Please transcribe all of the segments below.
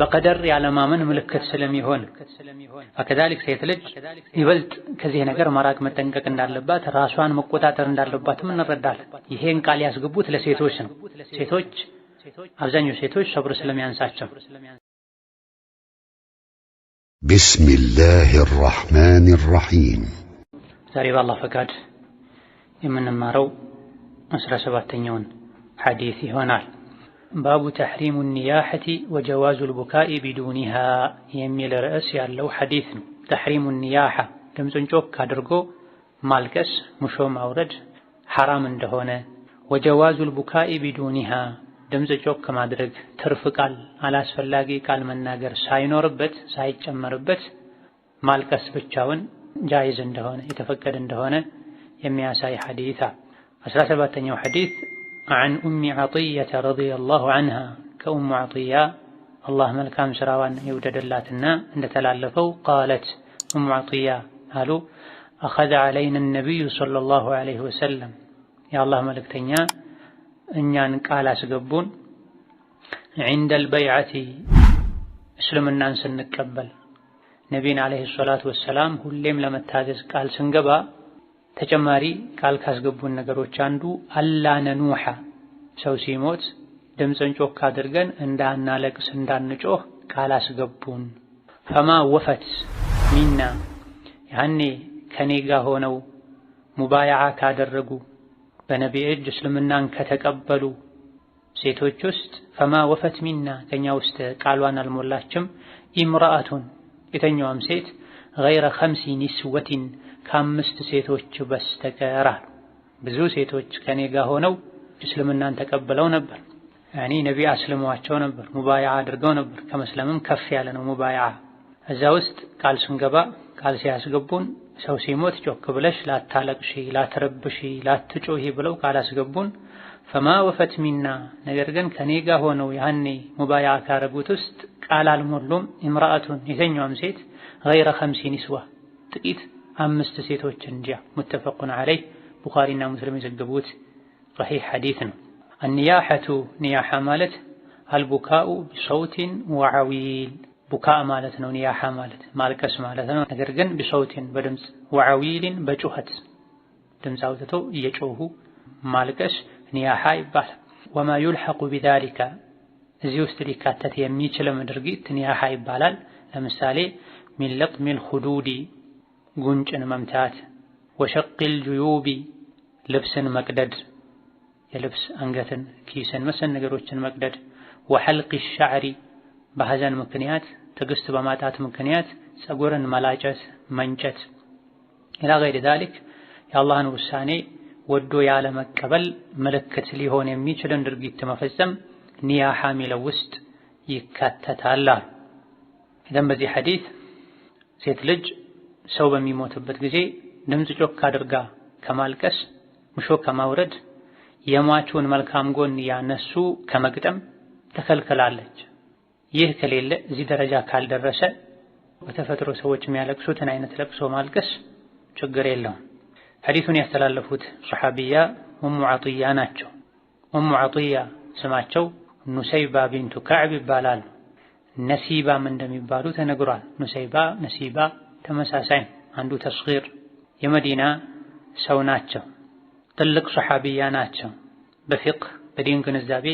በቀደር ያለማመን ምልክት ስለሚሆን ከዛሊክ ሴት ልጅ ይበልጥ ከዚህ ነገር መራቅ መጠንቀቅ እንዳለባት ራሷን መቆጣጠር እንዳለባትም እንረዳለን። ይሄን ቃል ያስገቡት ለሴቶች ነው። ሴቶች አብዛኞቹ ሴቶች ሰብር ስለሚያንሳቸው። ቢስሚላህ አራሕማን አራሒም። ዛሬ በአላህ ፈቃድ የምንማረው አስራ ሰባተኛውን ሐዲስ ይሆናል። ባቡ ተሕሪሙ ኒያሐቲ ወጀዋዙል ቡካኢ ቢዱኒሃ የሚል ርዕስ ያለው ሐዲት ነው። ተሕሪሙ ኒያሐ ድምፅን ጮክ አድርጎ ማልቀስ፣ ሙሾ ማውረድ ሐራም እንደሆነ፣ ወጀዋዙል ቡካኢ ቢዱኒሃ ድምፅ ጮክ ማድረግ ትርፍ ቃል አላስፈላጊ ቃል መናገር ሳይኖርበት ሳይጨመርበት ማልቀስ ብቻውን ጃይዝ እንደሆነ የተፈቀደ እንደሆነ የሚያሳይ ሐዲታ 17ኛው ሐዲት አን ኡሚ ዓጢየተ ረዲየላሁ አንሃ ከኡሙ ዓጢያ አላህ መልካም ስራዋን የውደደላትና እንደተላለፈው ቃለት ኡሙ ዓጢያ አሉ አኸዘ ዓለይና ነቢዩ ሰለላሁ ዓለይሂ ወሰለም የአላህ መልእክተኛ እኛን ቃል አስገቡን ዒንደል በይዓቲ እስልምናን ስንቀበል ነቢን ዓለይሂ ሰላቱ ወሰላም ሁሌም ለመታዘዝ ቃል ስንገባ ተጨማሪ ቃል ካስገቡን ነገሮች አንዱ አላነኑሐ ሰው ሲሞት ድምፅን ጮክ አድርገን እንዳናለቅስ እንዳንጮህ ቃል አስገቡን። ፈማ ወፈት ሚና ያኔ ከኔ ጋ ሆነው ሙባያዓ ካደረጉ በነቢ እጅ እስልምናን ከተቀበሉ ሴቶች ውስጥ ፈማ ወፈት ሚና ከኛ ውስጥ ቃሏን አልሞላችም። ኢምራአቱን የተኛዋም ሴት ገይረ ኸምሲ ኒስወቲን ከአምስት ሴቶች በስተቀር አሉ። ብዙ ሴቶች ከኔ ጋር ሆነው እስልምናን ተቀብለው ነበር። እኔ ነቢ አስልመዋቸው ነበር፣ ሙባያ አድርገው ነበር። ከመስለምም ከፍ ያለ ነው ሙባያ። እዛ ውስጥ ቃል ስንገባ ቃል ሲያስገቡን ሰው ሲሞት ጮክ ብለሽ ላታለቅሺ፣ ላትረብሺ፣ ላትጮሂ ብለው ቃል አስገቡን። ፈማ ወፈት ሚና ነገር ግን ከኔ ጋር ሆነው ያኔ ሙባያ ካረጉት ውስጥ ቃል አልሞሉም። ኢምራአቱን የተኛዋም ሴት ገይረ ኸምሲ ኒስዋ ጥቂት አምስት ሴቶች እንጂ ሙተፈቁን አለይ ቡኻሪና ሙስሊም የዘገቡት ሰሒህ ሐዲስ ነው። አንያሐቱ ኒያሐ ማለት አልቡካኡ ቢሰውቲን ወዐዊል ቡካእ ማለት ነው። ኒያሐ ማለት ማልቀስ ማለት ነው። ነገር ግን ቢሰውቲን በድምፅ ወዐዊልን በጩኸት ድምፅ አውጥቶ እየጮሁ ማልቀስ ኒያሐ ይባላል። ወማ ዩልሐቁ ቢዛሊካ እዚህ ውስጥ ሊካተት የሚችልም ድርጊት ኒያሐ ይባላል። ለምሳሌ ሚን ለጥሚል ኹዱዲ ጉንጭን መምታት፣ ወሸቂል ጁዩቢ ልብስን መቅደድ፣ የልብስ አንገትን፣ ኪስን መሰል ነገሮችን መቅደድ፣ ወሐልቅ ሻዕሪ በሐዘን ምክንያት ትዕግስት በማጣት ምክንያት ፀጉርን መላጨት፣ መንጨት ኢላ ገይሪ ዛሊክ የአላህን ውሳኔ ወዶ ያለ መቀበል ምልክት ሊሆን የሚችልን ድርጊት መፈጸም ኒያሓ ሚለው ውስጥ ይካተታል ኢዘን በዚህ ሐዲስ ሴት ልጅ ሰው በሚሞትበት ጊዜ ድምፅ ጮክ አድርጋ ከማልቀስ ሙሾ ከማውረድ የሟቹን መልካም ጎን ያነሱ ከመግጠም ተከልክላለች። ይህ ከሌለ እዚህ ደረጃ ካልደረሰ በተፈጥሮ ሰዎች የሚያለቅሱትን አይነት ለቅሶ ማልቀስ ችግር የለውም። ሐዲሱን ያስተላለፉት ሰሐቢያ ኡሙ ዓጢያ ናቸው። ኡሙ ዓጢያ ስማቸው ኑሰይባ ቢንቱ ከዕብ ይባላሉ። ነሲባም እንደሚባሉ ተነግሯል። ኑሰይባ ነሲባ ተመሳሳይ አንዱ ተስጊር የመዲና ሰው ናቸው። ትልቅ ሰሓቢያ ናቸው። በፊቅህ በዲን ግንዛቤ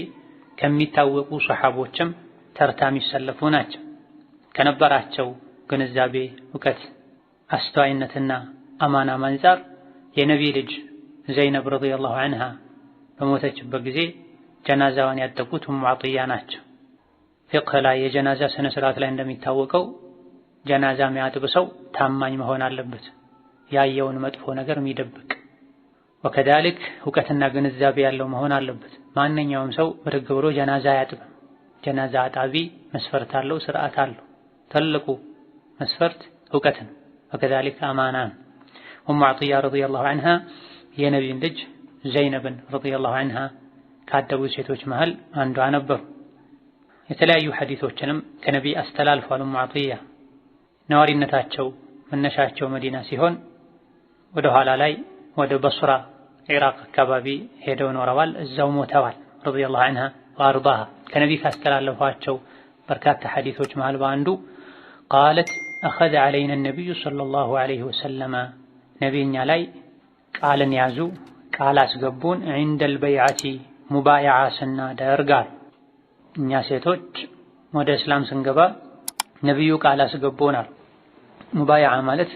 ከሚታወቁ ሰሓቦችም ተርታ የሚሰለፉ ናቸው። ከነበራቸው ግንዛቤ፣ እውቀት፣ አስተዋይነትና አማናም አንጻር የነቢ ልጅ ዘይነብ ረዲየላሁ አንሃ በሞተችበት ጊዜ ጀናዛዋን ያጠቁት ኡሙ ናቸው። ፊቅህ ላይ የጀናዛ ስነ ስርዓት ላይ እንደሚታወቀው ጀናዛ የሚያጥብ ሰው ታማኝ መሆን አለበት፣ ያየውን መጥፎ ነገር የሚደብቅ ወከዳልክ እውቀትና ግንዛቤ ያለው መሆን አለበት። ማንኛውም ሰው ብድግ ብሎ ጀናዛ አያጥብም። ጀናዛ አጣቢ መስፈርት አለው፣ ስርዓት አለው። ትልቁ መስፈርት እውቀትን ወከዳልክ አማናን ኡሙ አጥያ ረዲየላሁ ዐንሃ የነቢን ልጅ ዘይነብን ረዲየላሁ ዐንሃ ካደቡት ሴቶች መሃል አንዷ ነበሩ። የተለያዩ ሐዲሶችንም ከነቢይ አስተላልፏል ኡሙ አጥያ ነዋሪነታቸው መነሻቸው መዲና ሲሆን ወደ ኋላ ላይ ወደ በስራ ኢራቅ አካባቢ ሄደው ኖረዋል። እዛው ሞተዋል። ረዲየላሁ አንሃ ወአርዳሃ ከነቢ ካስተላለፏቸው በርካታ ሐዲቶች መሃል በአንዱ ቃለት አኸዘ ዐለይና ነቢዩ ሰለላሁ ዐለይሂ ወሰለመ ነቢኛ ላይ ቃልን ያዙ ቃል አስገቡን ዒንደል በይዓቲ ሙባይዓ ስናደርግ እኛ ሴቶች ወደ እስላም ስንገባ ነቢዩ ቃል አስገቡናል። ሙባያዓ ማለት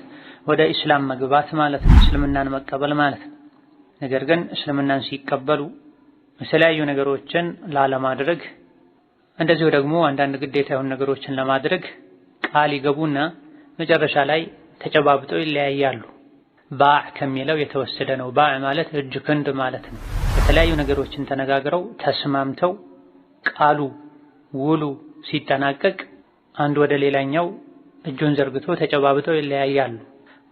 ወደ እስላም መግባት ማለት ነው፣ እስልምናን መቀበል ማለት ነው። ነገር ግን እስልምናን ሲቀበሉ የተለያዩ ነገሮችን ላለማድረግ እንደዚሁ ደግሞ አንዳንድ ግዴታ የሆኑ ነገሮችን ለማድረግ ቃል ይገቡና መጨረሻ ላይ ተጨባብጠው ይለያያሉ። ባዕ ከሚለው የተወሰደ ነው። ባዕ ማለት እጅ ክንድ ማለት ነው። የተለያዩ ነገሮችን ተነጋግረው ተስማምተው ቃሉ ውሉ ሲጠናቀቅ አንድ ወደ ሌላኛው እጁን ዘርግቶ ተጨባብጠው ይለያያሉ።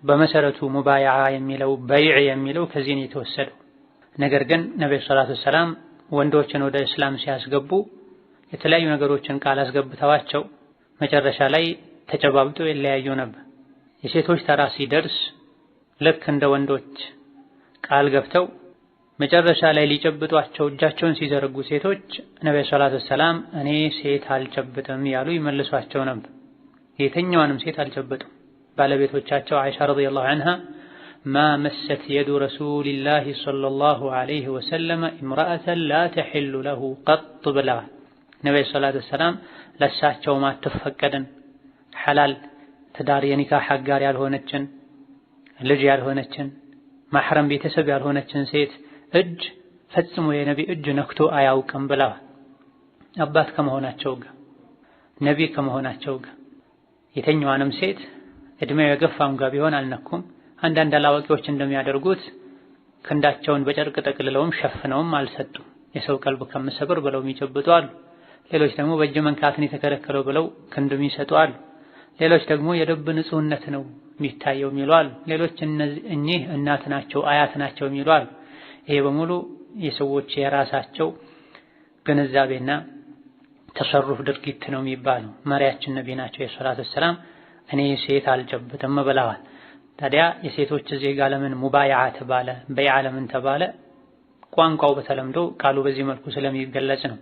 በመሰረቱ ሙባያ የሚለው በይዕ የሚለው ከዚህ ነው የተወሰደው። ነገር ግን ነብዩ ሰለላሁ ሰላም ወንዶችን ወደ እስላም ሲያስገቡ የተለያዩ ነገሮችን ቃል አስገብተዋቸው መጨረሻ ላይ ተጨባብጦ ይለያዩ ነበር። የሴቶች ተራ ሲደርስ ልክ እንደ ወንዶች ቃል ገብተው መጨረሻ ላይ ሊጨብጧቸው እጃቸውን ሲዘረጉ ሴቶች ነብዩ ሰለላሁ ሰላም እኔ ሴት አልጨብጥም ያሉ ይመልሷቸው ነበር። የተኛዋንም ሴት አልጨበጡም። ባለቤቶቻቸው አይሻ ረዲየላሁ አንሃ ማ መሰት የዱ ረሱሊላሂ ሰለላሁ ዐለይሂ ወሰለመ እምረአተን ላ ተሒሉ ለሁ ቀጥ ብለዋል። ነቢዩ ሰላቱ ወሰላም ለእሳቸውም አትፈቀድን ሐላል ትዳር የኒካህ አጋር ያልሆነችን ልጅ ያልሆነችን ማሕረም ቤተሰብ ያልሆነችን ሴት እጅ ፈጽሞ የነቢ እጅ ነክቶ አያውቅም ብለዋል። አባት ከመሆናቸው ጋር ነቢ ከመሆናቸው ጋር የተኛዋንም ሴት እድሜው የገፋም ጋር ቢሆን አልነኩም። አንዳንድ አላዋቂዎች እንደሚያደርጉት ክንዳቸውን በጨርቅ ጠቅልለውም ሸፍነውም አልሰጡም። የሰው ቀልብ ከምሰብር ብለው የሚጨብጡ አሉ። ሌሎች ደግሞ በእጅ መንካትን የተከለከለው ብለው ክንድ የሚሰጡ አሉ። ሌሎች ደግሞ የልብ ንጹህነት ነው የሚታየው የሚሉ አሉ። ሌሎች እኚህ እናት ናቸው አያት ናቸው የሚሉ አሉ። ይሄ በሙሉ የሰዎች የራሳቸው ግንዛቤና ተሰሩፍ ድርጊት ነው የሚባለው። መሪያችን ነቢ ናቸው የሰላት ሰላም እኔ ሴት አልጨብጥም ብለዋል። ታዲያ የሴቶች እዚህ ጋር ለምን ሙባያ ተባለ? በይዓ ለምን ተባለ? ቋንቋው በተለምዶ ቃሉ በዚህ መልኩ ስለሚገለጽ ነው።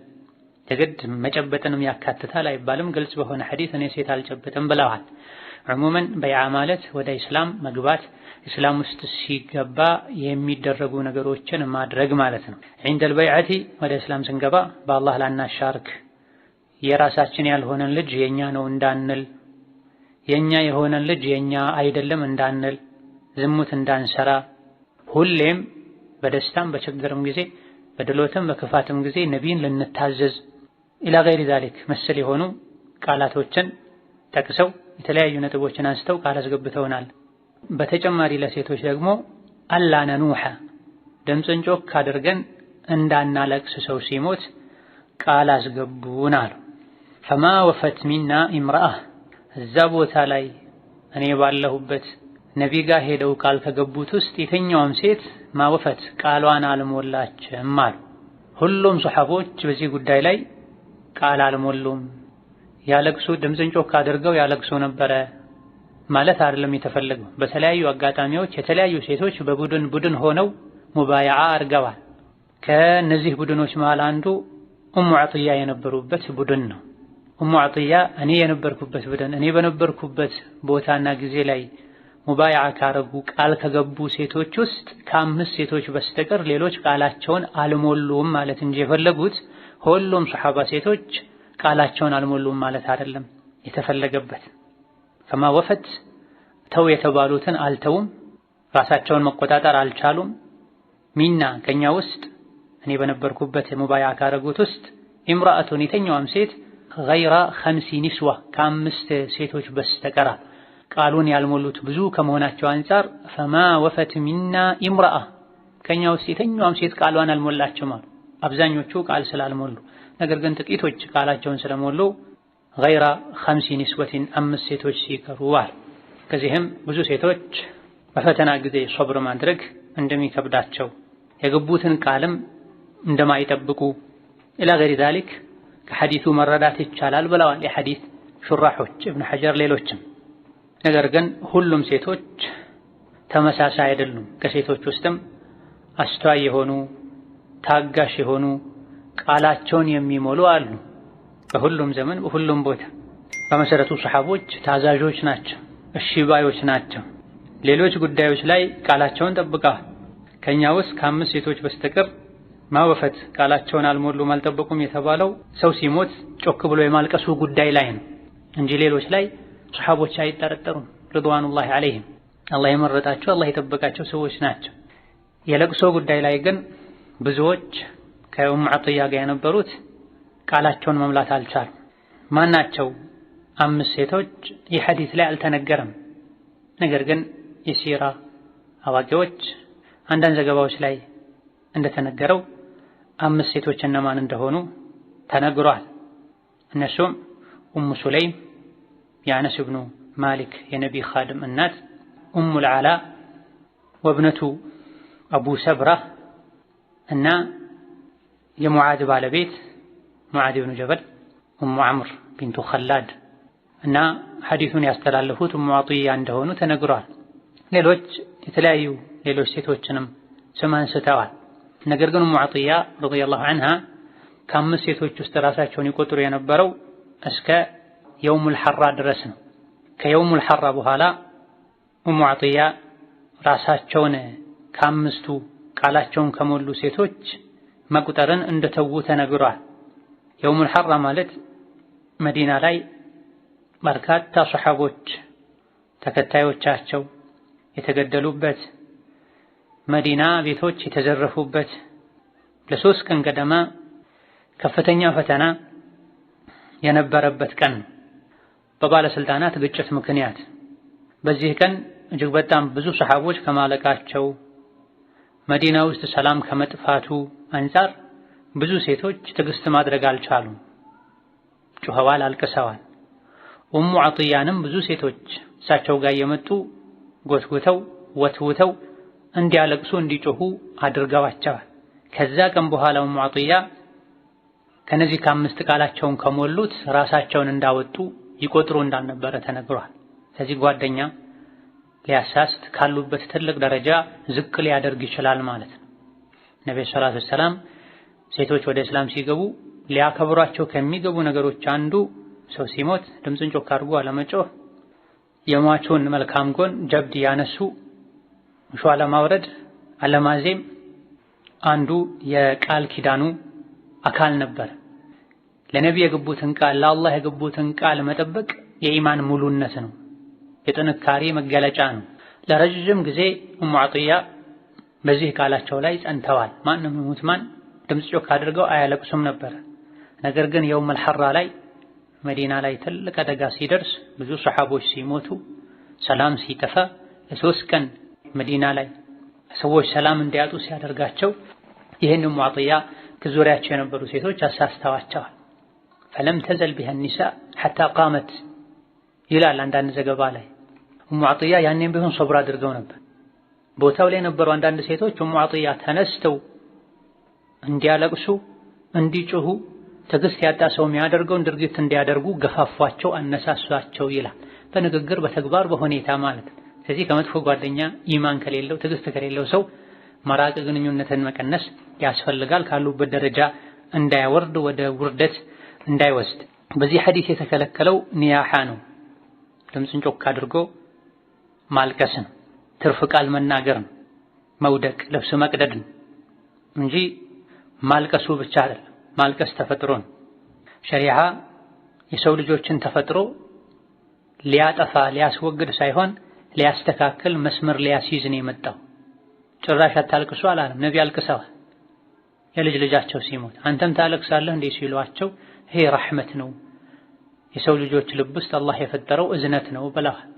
የግድ መጨበጥንም ያካትታል አይባልም። ግልጽ በሆነ ሐዲስ እኔ ሴት አልጨብጥም ብለዋል። ዑሙመን በይዓ ማለት ወደ ኢስላም መግባት ኢስላም ውስጥ ሲገባ የሚደረጉ ነገሮችን ማድረግ ማለት ነው። ዒንደል በይዓቲ ወደ ኢስላም ስንገባ በአላህ ላናሻርክ የራሳችን ያልሆነን ልጅ የኛ ነው እንዳንል፣ የኛ የሆነን ልጅ የኛ አይደለም እንዳንል፣ ዝሙት እንዳንሰራ፣ ሁሌም በደስታም በችግርም ጊዜ በድሎትም በክፋትም ጊዜ ነቢይን ልንታዘዝ ኢላ ገይሪ ዛሊክ መሰል የሆኑ ቃላቶችን ጠቅሰው የተለያዩ ነጥቦችን አንስተው ቃል አስገብተውናል። በተጨማሪ ለሴቶች ደግሞ አላነ ነኑሐ ድምፅን ጮክ አድርገን እንዳናለቅስ ሰው ሲሞት ቃል አስገቡን አሉ። ፈማ ወፈት ሚና ኢምረአ እዛ ቦታ ላይ እኔ ባለሁበት ነቢ ጋር ሄደው ቃል ከገቡት ውስጥ የተኛውም ሴት ማወፈት ቃሏን አልሞላችም አሉ። ሁሉም ሶሐቦች በዚህ ጉዳይ ላይ ቃል አልሞሉም። ያለቅሱ ድምፅን ጮክ አድርገው ያለቅሱ ነበረ ማለት አይደለም የተፈለገው። በተለያዩ አጋጣሚዎች የተለያዩ ሴቶች በቡድን ቡድን ሆነው ሙባያዓ አድርገዋል። ከነዚህ ቡድኖች መሃል አንዱ ኡሙ ዐጥያ የነበሩበት ቡድን ነው። ኡሙ አጥያ እኔ የነበርኩበት ብደን እኔ በነበርኩበት ቦታና ጊዜ ላይ ሙባይዓ ካረጉ ቃል ከገቡ ሴቶች ውስጥ ከአምስት ሴቶች በስተቀር ሌሎች ቃላቸውን አልሞሉም ማለት እንጂ የፈለጉት ሁሉም ሰሐባ ሴቶች ቃላቸውን አልሞሉም ማለት አይደለም የተፈለገበት። ከማ ወፈት ተው የተባሉትን አልተውም፣ ራሳቸውን መቆጣጠር አልቻሉም። ሚና ከኛ ውስጥ እኔ በነበርኩበት ሙባይዓ ካረጉት ውስጥ ኢምራአቱን የተኛዋም ሴት ገይራ ኸምሲ ኒስዋ ከአምስት ሴቶች በስተቀራ ቃሉን ያልሞሉት ብዙ ከመሆናቸው አንጻር ፈማ ወፈት ሚና ኢምረአ ከኛ ውስጥ የተኛዋም ሴት ቃሏን አልሞላችም አሉ። አብዛኞቹ ቃል ስላልሞሉ፣ ነገር ግን ጥቂቶች ቃላቸውን ስለሞሉ ገይራ ኸምሲ ኒስወቲን አምስት ሴቶች ሲቀሩ አሉ። ከዚህም ብዙ ሴቶች በፈተና ጊዜ ሶብር ማድረግ እንደሚከብዳቸው የገቡትን ቃልም እንደማይጠብቁ ኢላ ገይሪ ዛሊክ ከሐዲሱ መረዳት ይቻላል ብለዋል የሐዲስ ሹራሖች እብን ሐጀር ሌሎችም። ነገር ግን ሁሉም ሴቶች ተመሳሳይ አይደሉም። ከሴቶች ውስጥም አስተዋይ የሆኑ ታጋሽ የሆኑ ቃላቸውን የሚሞሉ አሉ። በሁሉም ዘመን በሁሉም ቦታ በመሰረቱ ሰሓቦች ታዛዦች ናቸው፣ እሺባዮች ናቸው። ሌሎች ጉዳዮች ላይ ቃላቸውን ጠብቀዋል። ከእኛ ውስጥ ከአምስት ሴቶች በስተቀር ማወፈት ቃላቸውን አልሞሉም አልጠበቁም የተባለው ሰው ሲሞት ጮክ ብሎ የማልቀሱ ጉዳይ ላይ ነው እንጂ ሌሎች ላይ ሰሓቦች አይጠረጠሩም። ርድዋኑላሂ አለይህም አላህ የመረጣቸው አላህ የጠበቃቸው ሰዎች ናቸው። የለቅሶ ጉዳይ ላይ ግን ብዙዎች ከኡም ዐጥያ ጋር የነበሩት ቃላቸውን መምላት አልቻሉም። ማናቸው አምስት ሴቶች ይህ ሐዲስ ላይ አልተነገረም። ነገር ግን የሲራ አዋቂዎች አንዳንድ ዘገባዎች ላይ እንደተነገረው አምስት ሴቶች እነማን እንደሆኑ ተነግሯል። እነሱም ኡሙ ሱለይም የአነስ ኢብኑ ማሊክ የነቢ ኻድም እናት፣ ኡሙ ልዓላ ወብነቱ አቡ ሰብራ እና የሙዓድ ባለቤት ሙዓድ ብኑ ጀበል፣ ኡሙ ዓምር ቢንቱ ኸላድ እና ሐዲሱን ያስተላለፉት ኡሙ ዓጢያ እንደሆኑ ተነግሯል። ሌሎች የተለያዩ ሌሎች ሴቶችንም ስም አንስተዋል። ነገር ግን ሙዓጢያ ረዲየላሁ አንሃ ከአምስት ሴቶች ውስጥ ራሳቸውን ይቆጥሩ የነበረው እስከ የውሙል ሐራ ድረስ ነው። ከየውሙል ሐራ በኋላ ሙዓጢያ ራሳቸውን ከአምስቱ ቃላቸውን ከሞሉ ሴቶች መቁጠርን እንደተዉ ተነግሯል። የውሙል ሐራ ማለት መዲና ላይ በርካታ ሰሐቦች ተከታዮቻቸው የተገደሉበት መዲና ቤቶች የተዘረፉበት ለሶስት ቀን ገደማ ከፍተኛ ፈተና የነበረበት ቀን በባለስልጣናት ግጭት ምክንያት በዚህ ቀን እጅግ በጣም ብዙ ሰሓቦች ከማለቃቸው መዲና ውስጥ ሰላም ከመጥፋቱ አንጻር ብዙ ሴቶች ትዕግስት ማድረግ አልቻሉም። ጩኸዋል፣ አልቅሰዋል። ኡሙ ዐጥያንም ብዙ ሴቶች እሳቸው ጋር የመጡ ጎትጉተው ወትውተው እንዲያለቅሱ እንዲጮሁ አድርገዋቸዋል። ከዛ ቀን በኋላ ኡሙ ከነዚህ ከአምስት ቃላቸውን ከሞሉት ራሳቸውን እንዳወጡ ይቆጥሩ እንዳልነበረ ተነግሯል። ስለዚህ ጓደኛ ሊያሳስት ካሉበት ትልቅ ደረጃ ዝቅ ሊያደርግ ይችላል ማለት ነው። ነብዩ ሰለላሁ ዐለይሂ ወሰለም ሴቶች ወደ እስላም ሲገቡ ሊያከብሯቸው ከሚገቡ ነገሮች አንዱ ሰው ሲሞት ድምፅን ጮክ አድርጎ አለመጮህ፣ የሟቹን መልካም ጎን ጀብድ ያነሱ እሾህ አለማውረድ፣ አለማዜም አንዱ የቃል ኪዳኑ አካል ነበር። ለነቢይ የገቡትን ቃል ለአላህ የገቡትን ቃል መጠበቅ የኢማን ሙሉነት ነው፣ የጥንካሬ መገለጫ ነው። ለረዥም ጊዜ ኡሙ ዐጢያ በዚህ ቃላቸው ላይ ጸንተዋል። ማንም ይሙት ማን ድምፅ ጮክ አድርገው አያለቅሱም ነበር። ነገር ግን የውም አልሐራ ላይ መዲና ላይ ትልቅ አደጋ ሲደርስ ብዙ ሰሓቦች ሲሞቱ፣ ሰላም ሲጠፋ ለሶስት ቀን መዲና ላይ ሰዎች ሰላም እንዲያጡ ሲያደርጋቸው ይህን ሙዓጥያ ከዙሪያቸው የነበሩ ሴቶች አሳስተዋቸዋል። ፈለም ተዘል ቢሃ ኒሳ ሐታ ቃመት ይላል አንዳንድ ዘገባ ላይ። ሙዓጥያ ያኔም ቢሆን ሶብር አድርገው ነበር። ቦታው ላይ የነበሩ አንዳንድ ሴቶች ሙዓጥያ ተነስተው እንዲያለቅሱ እንዲጮሁ ትዕግስት ያጣ ሰው የሚያደርገውን ድርጊት እንዲያደርጉ ገፋፏቸው፣ አነሳሷቸው ይላል። በንግግር በተግባር በሁኔታ ማለት ነው። ስለዚህ ከመጥፎ ጓደኛ ኢማን ከሌለው ትዕግስት ከሌለው ሰው መራቅ ግንኙነትን መቀነስ ያስፈልጋል። ካሉበት ደረጃ እንዳይወርድ ወደ ውርደት እንዳይወስድ። በዚህ ሐዲስ የተከለከለው ኒያሓ ነው፣ ድምፅን ጮክ አድርጎ ማልቀስ ነው፣ ትርፍ ቃል መናገር ነው፣ መውደቅ፣ ልብስ መቅደድ ነው እንጂ ማልቀሱ ብቻ አይደለም። ማልቀስ ተፈጥሮ ነው። ሸሪዓ የሰው ልጆችን ተፈጥሮ ሊያጠፋ ሊያስወግድ ሳይሆን ሊያስተካክል መስመር ሊያስይዝ ነው የመጣው። ጭራሽ አታልቅሱ አላለም። ነቢ አልቅሰዋል የልጅ ልጃቸው ሲሞት አንተም ታለቅሳለህ እንዴ ሲሏቸው ይሄ ረሕመት ነው የሰው ልጆች ልብ ውስጥ አላህ የፈጠረው እዝነት ነው ብለዋል።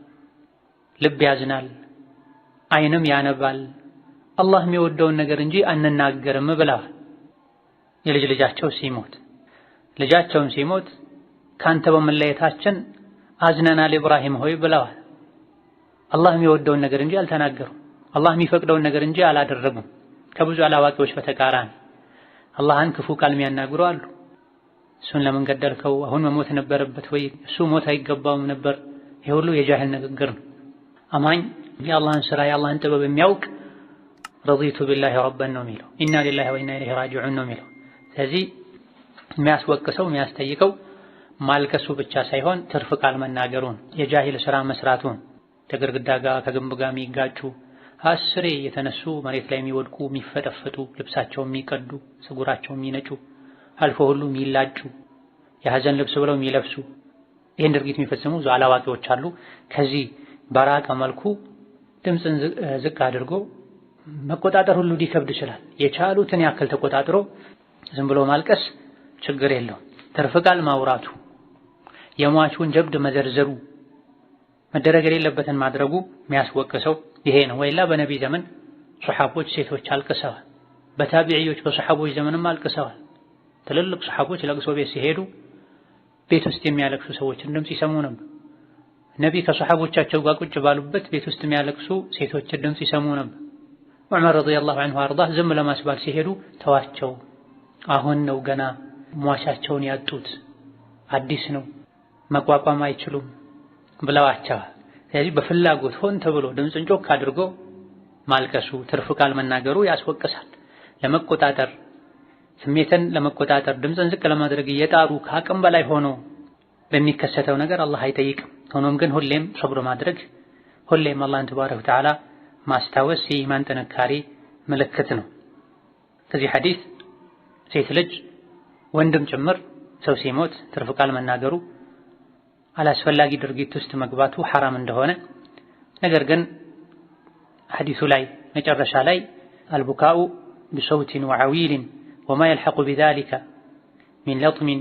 ልብ ያዝናል፣ አይንም ያነባል። አላህ የሚወደውን ነገር እንጂ አንናገርም ብለዋል። የልጅ ልጃቸው ሲሞት ልጃቸውም ሲሞት ካንተ በመለየታችን አዝነናል ኢብራሂም ሆይ ብለዋል። አላህ የሚወደውን ነገር እንጂ አልተናገሩም። አላህ የሚፈቅደውን ነገር እንጂ አላደረጉም። ከብዙ አላዋቂዎች በተቃራኒ አላህን ክፉ ቃል የሚያናግሩ አሉ። እሱን ለምን ገደልከው? አሁን መሞት ነበረበት ወይ? እሱ ሞት አይገባውም ነበር። ይህ ሁሉ የጃህል ንግግር ነው። አማኝ የአላህን ስራ የአላህን ጥበብ የሚያውቅ ረዲቱ ቢላሂ ረበን ነው የሚለው። ኢና ሊላሂ ወኢና ኢለይሂ ራጂዑን ነው የሚለው። ስለዚህ የሚያስወቅሰው የሚያስጠይቀው ማልከሱ ብቻ ሳይሆን ትርፍ ቃል መናገሩን የጃሂል ስራ መስራቱን ከግርግዳ ጋር ከግንብ ጋር የሚጋጩ አስሬ የተነሱ መሬት ላይ የሚወድቁ የሚፈጠፈጡ፣ ልብሳቸው የሚቀዱ፣ ፀጉራቸው የሚነጩ፣ አልፎ ሁሉ የሚላጩ፣ የሐዘን ልብስ ብለው የሚለብሱ ይህን ድርጊት የሚፈጽሙ ብዙ አላዋቂዎች አሉ። ከዚህ በራቀ መልኩ ድምፅን ዝቅ አድርጎ መቆጣጠር ሁሉ ሊከብድ ይችላል። የቻሉትን ያክል ተቆጣጥሮ ዝም ብሎ ማልቀስ ችግር የለውም። ትርፍ ቃል ማውራቱ የሟቹን ጀብድ መዘርዘሩ መደረግ የሌለበትን ማድረጉ የሚያስወቅሰው ይሄ ነው። ወይላ በነቢ ዘመን ሱሐቦች ሴቶች አልቅሰዋል። በታቢዕዮች በሱሐቦች ዘመንም አልቅሰዋል። ትልልቅ ሱሐቦች ለቅሶ ቤት ሲሄዱ ቤት ውስጥ የሚያለቅሱ ሰዎችን ድምፅ ይሰሙ ነበር። ነቢ ከሱሐቦቻቸው ጋር ቁጭ ባሉበት ቤት ውስጥ የሚያለቅሱ ሴቶችን ድምፅ ይሰሙ ነበር። ዑመር ረዲየላሁ ዐንሁ አርዳ ዝም ለማስባል ሲሄዱ ተዋቸው፣ አሁን ነው ገና ሟሻቸውን ያጡት፣ አዲስ ነው፣ መቋቋም አይችሉም ብለዋቸዋል። ስለዚህ በፍላጎት ሆን ተብሎ ድምፅን ጮክ አድርጎ ማልቀሱ ትርፍ ቃል መናገሩ ያስወቅሳል። ለመቆጣጠር ስሜትን ለመቆጣጠር ድምፅን ዝቅ ለማድረግ እየጣሩ ከአቅም በላይ ሆኖ በሚከሰተው ነገር አላህ አይጠይቅም። ሆኖም ግን ሁሌም ሰብሮ ማድረግ ሁሌም አላህን ተባረከ ወተዓላ ማስታወስ የኢማን ጥንካሬ ምልክት ነው። ከዚህ ሐዲስ ሴት ልጅ ወንድም ጭምር ሰው ሲሞት ትርፍ ቃል መናገሩ አላስፈላጊ ድርጊት ውስጥ መግባቱ ሐራም እንደሆነ ነገር ግን ሐዲሱ ላይ መጨረሻ ላይ አልቡካኡ ብሰውቲን ወዓዊልን ወማ የልሐቁ ቢዛሊከ ሚን ለጥሚን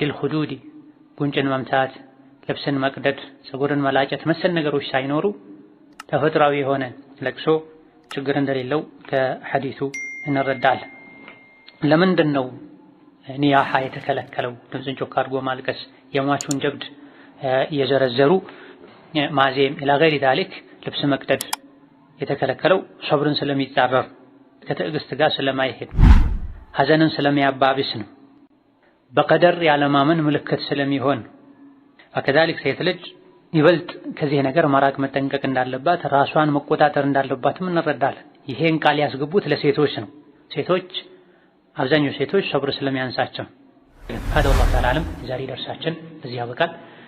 ልልኹዱድ ጉንጭን መምታት፣ ልብስን መቅደድ፣ ፀጉርን መላጨት መሰል ነገሮች ሳይኖሩ ተፈጥሯዊ የሆነ ለቅሶ ችግር እንደሌለው ከሐዲሱ እንረዳለን። ለምንድን ነው ኒያሃ የተከለከለው? ድምፅን ጮክ አድርጎ ማልቀስ የሟቹን ጀብድ የዘረዘሩ ማዜም ኢላ ዛሊክ ልብስ መቅደድ የተከለከለው ሶብርን ስለሚጻረር ከትዕግስት ጋር ስለማይሄድ ሐዘንን ስለሚያባብስ ነው። በቀደር ያለማመን ምልክት ስለሚሆን ከዛሊክ ሴት ልጅ ይበልጥ ከዚህ ነገር መራቅ መጠንቀቅ እንዳለባት ራሷን መቆጣጠር እንዳለባትም እንረዳለን። ይሄን ቃል ያስገቡት ለሴቶች ነው። ሴቶች አብዛኛው ሴቶች ሶብር ስለሚያንሳቸው። ሀደ ወላሁ ተዓላ አለም የዛሬ ደርሳችን እዚህ ያበቃል።